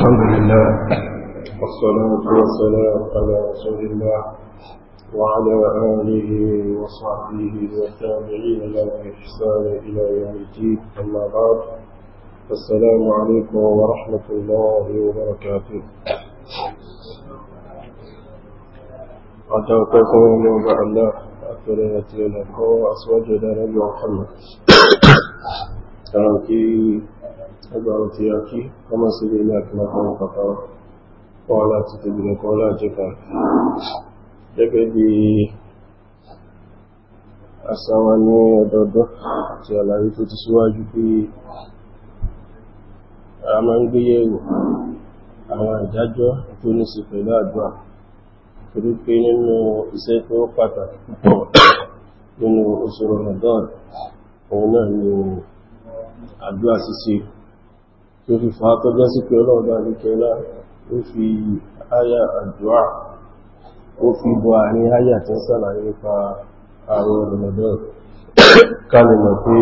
الحمد لله والصلاة والسلام على رسول الله وعلى آله وصحبه والتابعين لهم بإحسان إلى يوم الدين أما بعد السلام عليكم ورحمة الله وبركاته أتوقفكم يوم الله أتريد لكم أسواج نبي محمد ẹgbà ọ̀tí akí ọmọ sí ilé ilé àti ọmọ pàpà kọ́ọ̀lá ti tẹ̀gbìnà kọ́ọ̀lá jẹta gẹ́gẹ́ bí àsáwà ní ọdọọdọ́ àti àlàyé tó ti síwájú pé a máa ń gbé yẹ̀wò àwọn ìdájọ́ tó ní sí pẹ̀lú àdúrà torí pé nínú iṣẹ́ tó pàtàkì púpọ̀ nínú oṣù Ramadan òun náà ni àdúrà ṣíṣe ló fi fà á tó jẹ́ sí pé ọlọ́ọ̀dá àríkẹ́lá ó fi áyà àdúrà ó fi bọ àárín áyà tí ń sàlàyé nípa àwọn ọ̀rọ̀lọ́dọ̀ kálùmọ̀ pé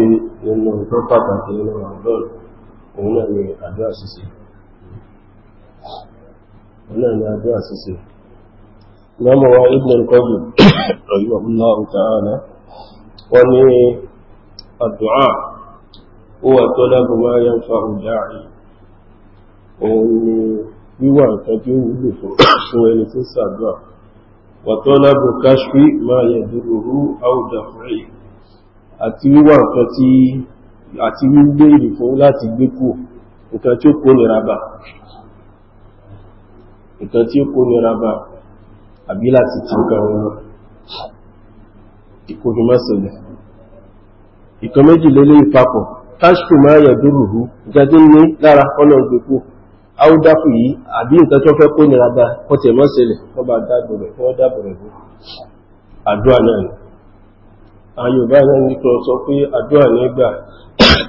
inú tó pàtàkì nínú ọ̀rọ̀lọ́dọ̀ òun náà ni àdúrà ṣíṣe ó wà tó lágbùmá yẹn fa òdáàrí òun ni wíwà nǹkan tí ó wúlò fún ẹni tí sàdúrà wàtọ́ lábò káṣfí máa yẹ dúró áùdàfúrí àti wíwà nǹkan tí àti wígbé ìrì fún láti gbé kú nǹkan tí ó kó nira bá nǹkan tí ó kó nira bá àbí láti tí nǹkan wọn ìkójúmọ́sẹ̀lẹ̀ ìkan méjì lélé káṣfí máa yẹ dúró nǹkan tí ní lára ọlọ́gbẹ̀kú áúdáfù yìí àbí nǹkan tó fẹ́ kó nira bá wọ́n tẹ̀ wọ́n ṣẹlẹ̀ wọ́n bá dáàbò rẹ̀ wọ́n dáàbò rẹ̀ fún àdúrà náà ni àwọn Yorùbá náà ní kí wọ́n sọ pé àdúrà nígbà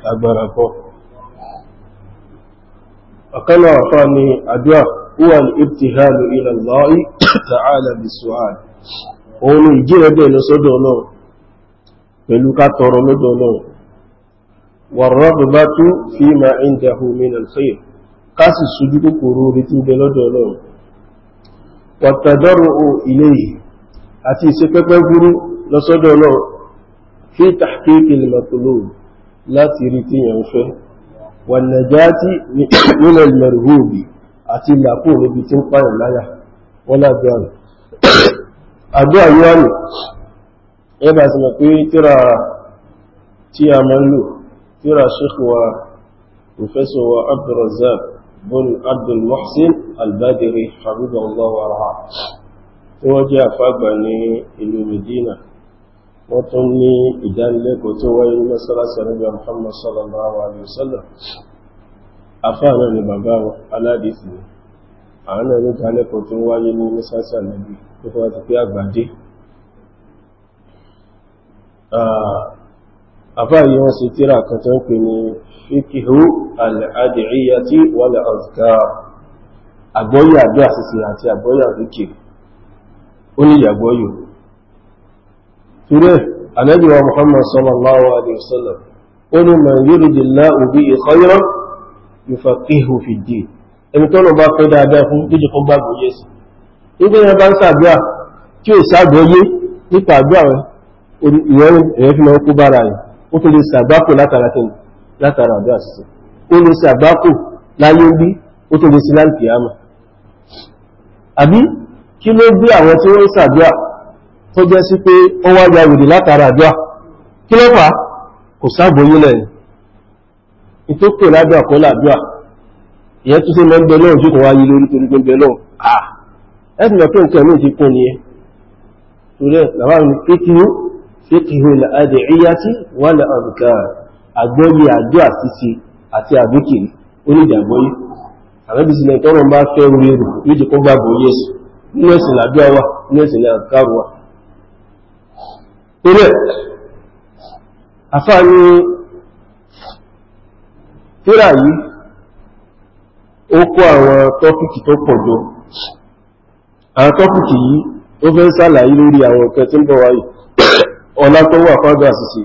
agbára bọ́ ọ̀kan náà ni àdúrà huwa al-ibtihalu ila ká sì sojú kòkòrò orí tí ń bẹ lọ́dọ̀ ọlọ́run pọ̀tàdọ́rọ̀ o ilé yìí àti ìsepẹ́pẹ́ gúrú lọ́sọ́dọ̀ ọlọ́run fi tàkíkì lèmọ̀tòló láti rí tí yẹn fẹ́ wà nàjáàtì nílẹ̀ mẹ̀rùhóòbì àti làkó níbi tí ń pààyàn láyà wọ́n lábẹ́ àrùn àdúrà yóò àmì ẹbà sí mọ̀ pé tíra tí a máa ń lò tíra ṣíkù professor wa abdulrazak بن عبد المحسن البدري حفظه الله ورعاه tí wọ́n jẹ́ àfágbà ní ìlú medina wọ́n tún ní ìdánilẹ́kọ̀ọ́ tó wáyé ní mẹ́sàlásì àrẹ́bíà muhammad sallallahu alaihi wasallam afáà náà ni bàbá wọn aládìsí ni àwọn náà ní ìdánilẹ́kọ̀ọ́ tó wáyé ní mẹ́sàlásì àrẹ́bí tó fọ́n ti pé àgbàdé àfáàyí wọ́n sì tíra kan tó ń pè ní fikihu al-ad'iyati wal azkar àgbọ́yé àdó àṣìṣe àti àgbọ́yé àríkè ó ní ìyàgbọ́yò túrẹ́ àlẹ́bíwa muhammad sallallahu alaihi wasallam ó ní man yuridillahu bihi khayran yufaqihu fid-din ẹni tó lọ bá fẹ́ dáadáa fún díjì fún bára yìí ó tó lè sàgbákò látara kẹ́ni látara àdúrà ṣíṣe ó lè sàgbákò láyé ń bí ó tó lè sí láìpì àmà àbí kí ló gbé àwọn tí wọ́n ń sàdúrà tó jẹ́ sí pé ó wá gba wèrè látara àdúrà kí ló fà kò sáàbòyí lẹ́yìn ìtókè ládùà kọ́ làdùà ìyẹn tó sí mọ́ ń bẹ lọ́rùn tí kò wáyé lórí torí pé ń bẹ lọ́rùn à ẹ̀sìn mọ̀ pé nǹkan mi ti kún ni ẹ torí ẹ̀ làwọn ètò fiqhul ad'iyati wal adhkar àgbọ́yé àjọ àtìsí àti àbíkìrí onídàgbọ́yé àrẹ́bí sílẹ̀ tọ́rọ bá fẹ́ orí ẹrù méjì kó gbàgbọ́ yẹ́sù nínú ẹ̀sìn làdúrà wà nínú ẹ̀sìn làkàrù wà torí ẹ̀ àfáà ní tíra yìí ó kó àwọn tọ́pìkì tó pọ̀ jọ àwọn tọ́pìkì ọlá tó wà fádà àṣìṣe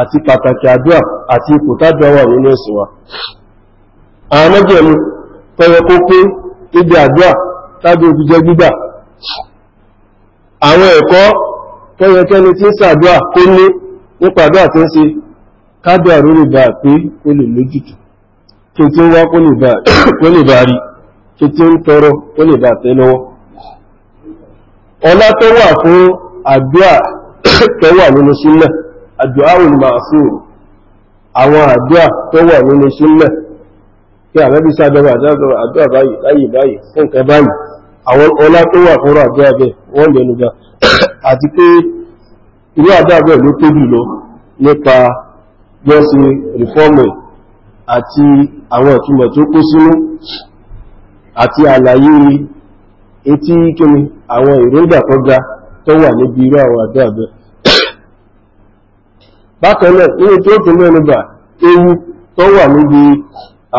àti pàtàkì àdúà àti ipò tádà wà nínú ẹ̀sìn wa àwọn mẹ́jẹ̀mú tọ́yẹ kó pé ibi àdúà tádà òbí jẹ́ gbígbà àwọn ẹ̀kọ́ tọ́yẹ kẹ́ni tí ń sàdúà kó ní nípa àdúà tí ń ṣe kádà lórí bá pé kó lè lójútù kí tí ń wá kó lè bá rí kí tí ń tọrọ kó lè bá tẹ́ lọ́wọ́ ọlá tó wà fún àdúà tó wà nínú súnnà àdúráwùn ma'asúrù àwọn àdúrà tó wà nínú súnnà kí àmẹ́bí sáàdọ́rọ̀ àdúrà báyìí báyìí fún kẹ báyìí àwọn ọlá tó wà fún àdúrà bẹ́ẹ̀ wọ́n lẹ́nu ga àti pé irú àdúrà bẹ́ẹ̀ ló tóbi lọ nípa jọ́sí rìfọ́ọ̀mù àti àwọn ìtumọ̀ tó kó sínú àti àlàyé etí kíni àwọn ìròdà tó tó wà níbi irú àwọn àdúrà bẹ́ẹ̀ bákan náà nínú tí ó tún mẹ́nubà ewu tó wà níbi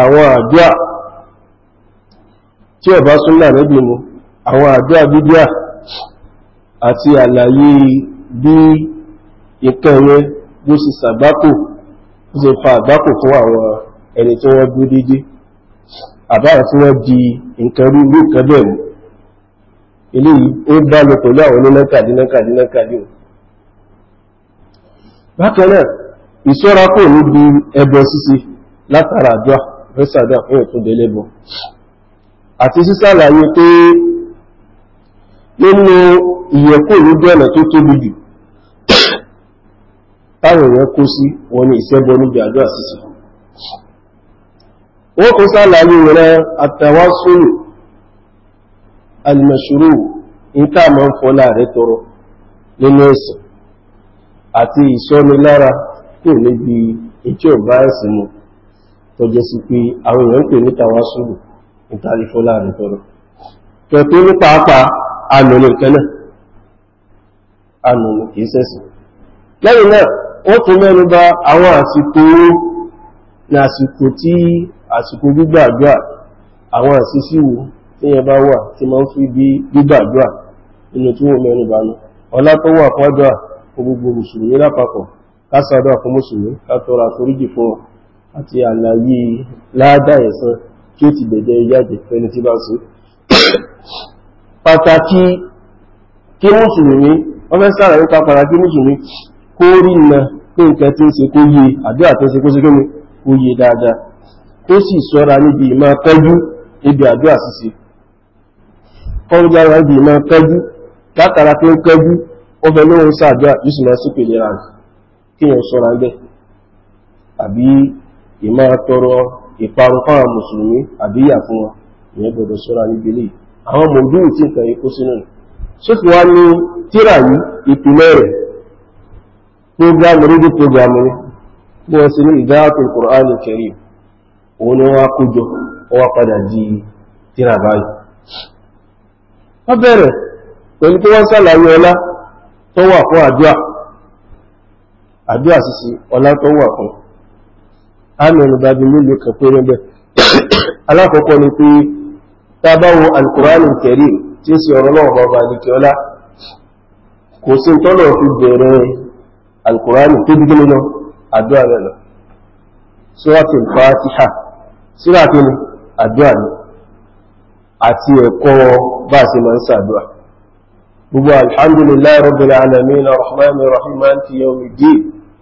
àwọn àdúà tí ó bá súnmọ́ níbi mu àwọn àdúà bíbíà àti àlàyé bí ìkẹyẹ bó sì sàgbákò ó sì fa àgbákò fún àwọn ẹni tí wọ́n dúró dédé àbáwọn tí wọ́n di nǹkan rú ní ìkẹ́bẹ̀rún eléyìí ó bá lọ pẹ̀lú àwọn onímẹ́kàdínlẹ́kàdínlẹ́kàdínlẹ́ bákanáà ìṣọ́ra kò ní bí ẹbọ latara látara àdúrà fẹ́sàdá fún ìtúndé lẹ́bọ àti sísàlàyé pé nínú ìyẹ̀kò ní bí ọ̀nà tó tóbi jù táwọn èèyàn kó sí wọn ni ìṣẹ́bọ níbi àdúrà wọ́n kó rẹ̀ àtàwásólù ní ń fọ́lá rẹ̀ àti ìṣọ́nilára kò níbi ìjọ bá ẹ̀sìn mu tó sí pé àwọn èèyàn pè níta wá sùúrù ìtàlífọ́ láàrin tọrọ kẹ̀kẹ́ ní pàápàá ànà ní nǹkan kìí sẹ́sì lẹ́yìn náà ó tún mẹ́nu bà àwọn àsìkò ní àsìkò tí àsìkò gbígbàdúrà àwọn àsìsíwò tí yẹn bá wà tí máa ń fi bí nínú tí wọ́n mẹ́nu náà ọlá tó gbogbo mùsùlùmí lápapọ̀ kásàdọ́ àfún mùsùlùmí kátọ́ra foríjì fún wọn àti àlàyé ládá ẹ̀san tí ó ti dẹ̀dẹ̀ yájẹ̀ fẹ́ni tí bá sí pàtàkì kí mùsùlùmí wọ́n fẹ́ sára nípa pàtàkì mùsùlùmí kó rí na pé nǹkan tí ń ṣe kó yé àdúrà tó ń ṣe kó ṣe kémi kó yé dáadáa kó sì sọ́ra níbi ìmọ̀ kẹ́jú níbi àdúrà ṣíṣe kọ́ ń jára níbi ìmọ̀ kẹ́jú látara pé ń kẹ́jú ó fẹ́ lóhun sàdúrà yóò sì máa sípè lera rẹ̀ kí wọ́n sọ́ra ń bẹ̀ àbí ìmá tọrọ ìparun fáwọn mùsùlùmí àbí ìyà fún wọn ìyẹn gbọdọ̀ sọ́ra níbi lè àwọn mòdúù tí nǹkan yìí kó sínú sófin wá ní tíra yìí ìpìlẹ̀ rẹ̀ prógrámù rédíò prógrámù ni bí wọ́n sì ní ìdáàtò Qur'an Karim òun ni wọ́n kójọ wọ́n padà di tíra báyìí wọ́n bẹ̀rẹ̀ pẹ̀lú pé wọ́n sàlàyé ọlá tó wà fún àdúà àdúà sísí ọlá tó wà fún àmìnà bàbí lílò kẹfẹ́ rẹ̀bẹ̀ alákọ̀ọ́kọ́ ni pé tábáwo alkùránì kẹrì tí sí ọ̀rọ̀ náà bàbá àdìkẹ́ọlá kò sí tọ́lọ̀ fi bẹ̀rẹ̀ alkùránì tó bí gínú àdúà rẹ̀ lọ sọ́ọ̀tì fàtíhà síra kí ni àdúà gbogbo alhamdulillah rabbil alamin arrahman arrahim maliki yawmiddin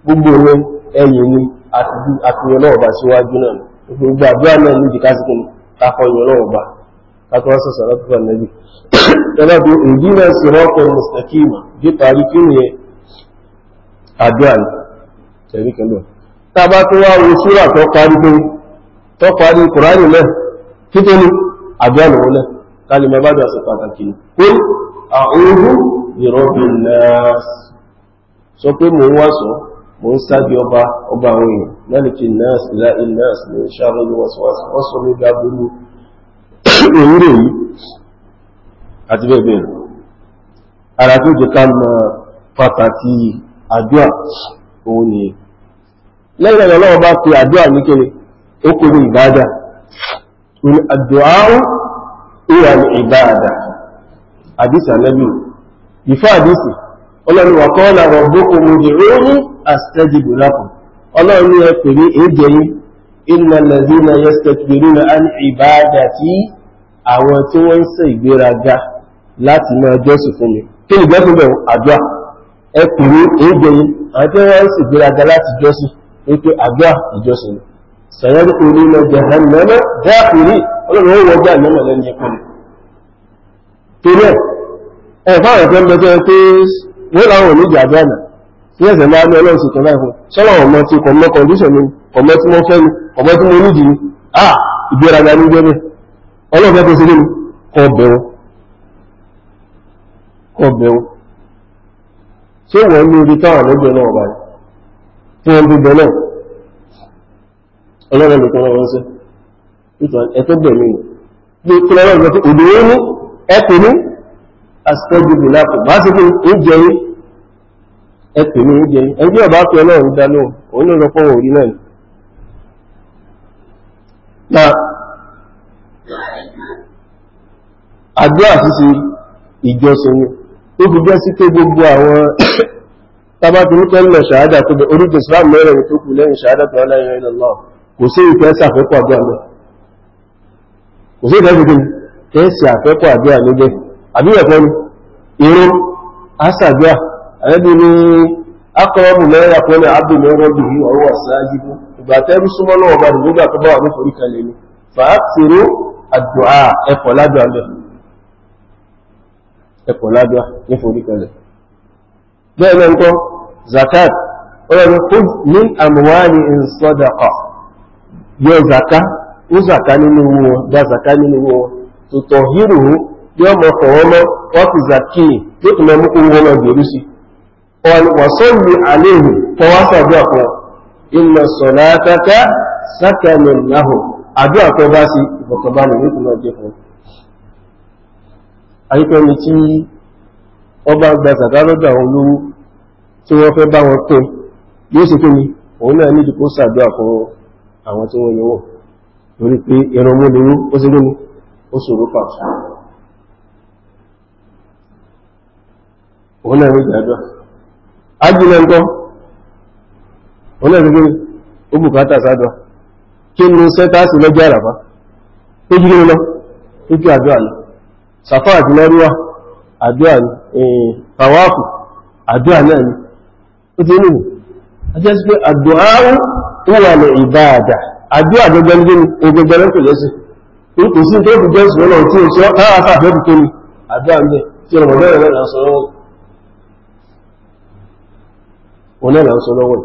gbogbo rẹ ẹ̀yìn ni àfihàn náà bá síwájú náà gbogbo àdúrà náà ní ìdíkásíkì kakọ yọ náà bá kakọ wọn sọsọ láti fún ẹnẹbi ẹnlá bí ìdínà sirata mustaqima bí parí kí ni àdúrà ni tẹ̀rí kẹlẹ̀ tá a bá tó wá wo súrà tó parí pé tó parí kùránì náà kí tó ní àdúrà lòun náà ká lè mọ bá àúrú ìrọ́bì náàsì sọ pé mò ń wàsọ mò ń sáàbí ọba ọba àwọn èèyàn mẹ́lìkì náàsì láì náàsì ní ṣàrọ̀ ní wọ́sọ̀wọ́sọ̀ wọ́n sọ mí dábúrú èyí rè àti bẹ́ẹ̀ ara tó jẹ ká mọ pàtàkì àdúà òun ni lẹ́yìn ẹ̀rọ náà bá pe àdúà ní kéré ó kéré ìbáadà àdúà ó wà ní àdísì ànẹ́bì ìfẹ́ àdísì ọlọ́run wà kọ́ ọ̀nà rọ̀gbókò mojì oòrùn àstẹ́jìbò lápùn ọlọ́run ẹ pè ní èdè yìí iná lẹ́dí na yẹ́sẹ̀kìrì na án ìbáadà tí àwọn tí wọ́n ń ṣe ìgbéraga láti máa jọ́sù fún mi kí ni jọ́sù bẹ̀rù àdúrà ẹ pè ní èdè yìí àwọn ẹ̀ ẹ̀fọ́ àwọn ọ̀fẹ́ mẹ́jọ pé wọ́n láwọn oníjì àjọ́nà sí ẹ̀sẹ̀ máa ní ọlọ́run sìkọ̀ láìfọ́ sọ́lọ̀ ọmọ ti kọ̀mọ́ condition ni ọmọ tí wọ́n fẹ́ ni ọmọ tí wọ́n ibi astajib lakum bá sí pé ń jẹ yín ẹ pè mí ń jẹ yín ẹgbẹ́ ọ̀bá pé ọlọ́run dá lóhùn òun ló lọ fọwọ́ orí náà na àdúrà ṣíṣe ìjọsìn ni ó fi jẹ́ sí pé gbogbo àwọn tábàtì ní kẹ́lẹ̀ ṣàádà tó bẹ orí islam mẹ́rin tó kù lẹ́yìn ṣàádà tó la ilaha illallah kò sí ìfẹ́ sàfẹ́kọ̀ àdúrà lọ kò sí ìfẹ́ sàfẹ́kọ̀ àdúrà lọ́gbẹ̀ẹ́ àbí ẹ̀kọ́ ni ìró asàdúà àrẹ́bí ni akọrọ̀bù lẹ́yìn àpọ́lẹ̀ abdùmọ́rọ̀bù yìí ọwọ́ àsáájíbú ìgbà tẹ́rù súnmọ́ náà ọba nígbà tó bá wà ní forí kalẹ̀ ni fàátìrú àdùá ẹ̀pọ̀ ládùá lẹ̀ ẹ̀pọ̀ ládùá ní forí kalẹ̀ bẹ́ẹ̀ náà nǹkan zakat ọlọ́run yọ zaka ó zaka nínú wọn dá zaka nínú wọn tó tọ̀ hírùú yóò mọ̀ fọ̀ wọ́n mọ́ wọ́n ti zakini yóò tún mọ́ mú owó wọn gbèrú sí wàsọ́lù àléhù fọwọ́sàdú àpọ̀ inna salataka sakanun lahum àdú lọ́dọ̀ àwọn olówó tí wọ́n fẹ́ bá wọn tó yóò sì kíni òun náà ní ìdíkó sàdúrà fún àwọn tí wọ́n torí pé ẹran mú ó sì kíni ó òun náà méjì àdúrà ájì náà ńkọ́ òun náà kí ni sẹ́tàásì lọ́jọ́ àràbá tó jí lọ tó jí àdúrà lọ àti lọ́rúwà àdúrà ni ó ti nìyàn ajẹ́ sí pé àdúrà wà lọ ìbáadà àdúrà gẹ́gẹ́ ní ogẹgbẹ̀rẹ́ kò nke kò sí tó fi jẹ́ òun náà là ń sọ lọ́wọ́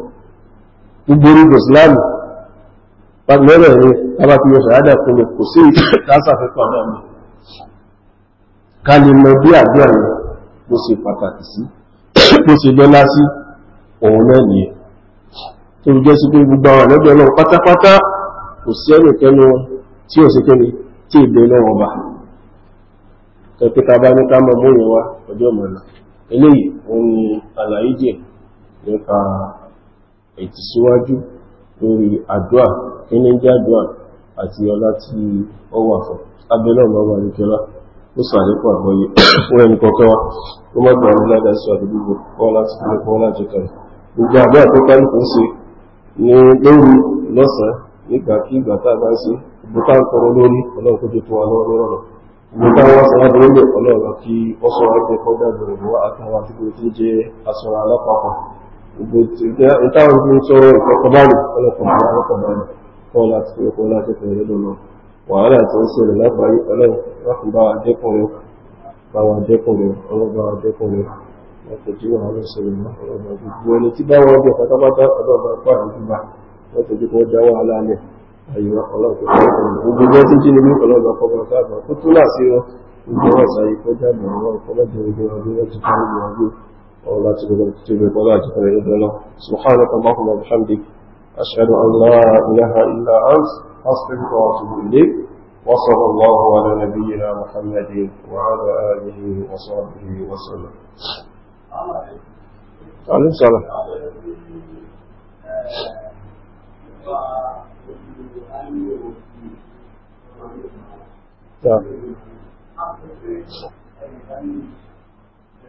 gbogbo orúkọ ìsìláàmù pàtàkì rẹ̀ tábà fi yọ ṣàádà fún mi kò sí ìtàṣà fẹ́ pàdà mi ká lè mọ bí àdúrà yẹn bó ṣe pàtàkì sí bó ṣe lọ́lá sí òun náà nìyẹn tó jẹ́ sí pé gbogbo àwọn àlẹ́bẹ̀ náà pátápátá kò sí ẹnìkẹ́nu tí ò sí kẹ́ni tí ìgbé lọ́wọ́ bá tẹ́pẹ́ta bá ní ká mọ̀ mú ìwà ọjọ́ mọ̀lá eléyìí òun ni àlàyé díẹ̀ nípa ìtẹ̀síwájú lórí àdúà kíní jẹ́ àdúà àti ọlá tí ó wà fún abẹ́lẹ̀ ọmọ ọmọ ó sàlékún àgbọ́yé fún ẹni kọ̀ọ̀kan ma ó mọ́ gbà nílá dáṣọ àdúgbò kọ́ láti fún ẹkọ́ láti kàrí gbogbo àdúà tó ṣe ní lóru lọ́sàn-án nígbà kí ìgbà tá a bá ṣe gbogbo tá ń tọrọ lórí ọlọ́run kó tó tó wa lọ́wọ́ lọ́rọ̀ gbogbo tá a wá sọ táwọn nke ń sọ̀rọ̀ ìfọkànbálù ọlọ́kànbálù kọ́ láti fi ọkọ̀ láti fẹ̀rẹ̀ lọ́nà wàhálà tó ń ṣẹlẹ̀ lágbàáyé ọlọ́run bá wa bá ọlọ́run bá láti jí ọlọ́run ẹni tí bá ọlọ́run bá pa dá wàhálà lẹ̀ àyíwá ọlọ́run tó ولا كتب ولا تجد له سبحانك اللهم وبحمدك أشهد أن لا إله إلا أنت أصلك وأتوب إليك وصلى الله على نبينا محمد وعلى آله وصحبه وسلم. عليه السلام. Yeah. آه، نعم.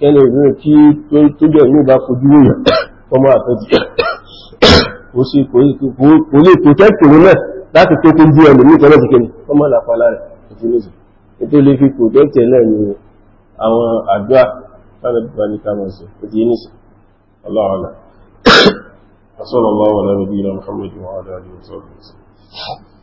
kẹ́lẹ̀ ìrìn tí tó jẹ́ ìlú bá fojú èèyàn ọmọ àfẹ́jì kò sí kò lè protect òun náà láti tó tó jú ẹlù ní ìtọ́lẹ̀ ti kẹ́lẹ̀ ọmọ àlàpàá rẹ̀ ìfúnlẹ̀sì tó lè fi protect ẹ̀lẹ́ ní àwọn àdúrà tàbí banika mọ̀sí ó ti yé nìsí ọlọ́ọ̀lá وصلى الله على نبينا محمد وعلى